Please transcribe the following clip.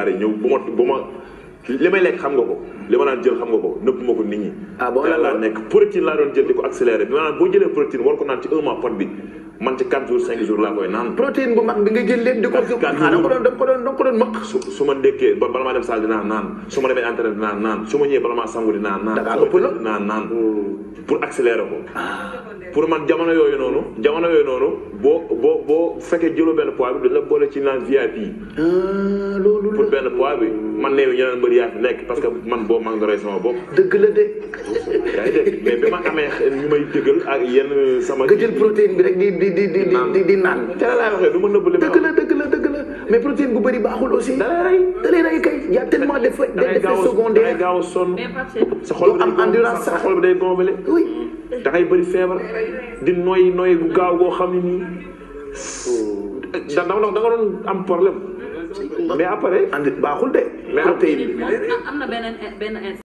daara ñëw bu ma bu ma li may lekk xam nga ko li ma naan jël xam nga ko nëbb ko nit ñi daal ah, nekk protéine laa doon jël di ko accéléré bi maanaam boo jëlee protéine war ko naan ci un pot bi man ci 4 jours 5 jours laa koy naan protéine bu mag bi nga jël lépp di ko su ma ndékkee ba bala maa dem salle dinaa naan su ma demee entraînement dinaa naan su ma ñëwee bala maa sangu dinaa naan naan oh. pour accélérer ko ah. pour man jamono yooyu noonu jamono yooyu benn man léegi ñu naan bëri yaa fi parce que man boo mag na sama bopp. dëgg la de. yaa ngi dégg mais bi ma amee ak yenn sama. nga jël protéine bi rek di di di di di di naan. te la laay waxee du ma nëbb dëgg mais protéine bu bëri baaxul aussi. da lay rey da lay rey kay y' d' effets d' effets secondaires. da am endurance sax sa day gonflé. oui da ngay bëri feebar di noyyi noyyi bu gaaw goo xam ne nii. Oh. da nga doon am problème mais après. andi baaxul de. mais am na benn benn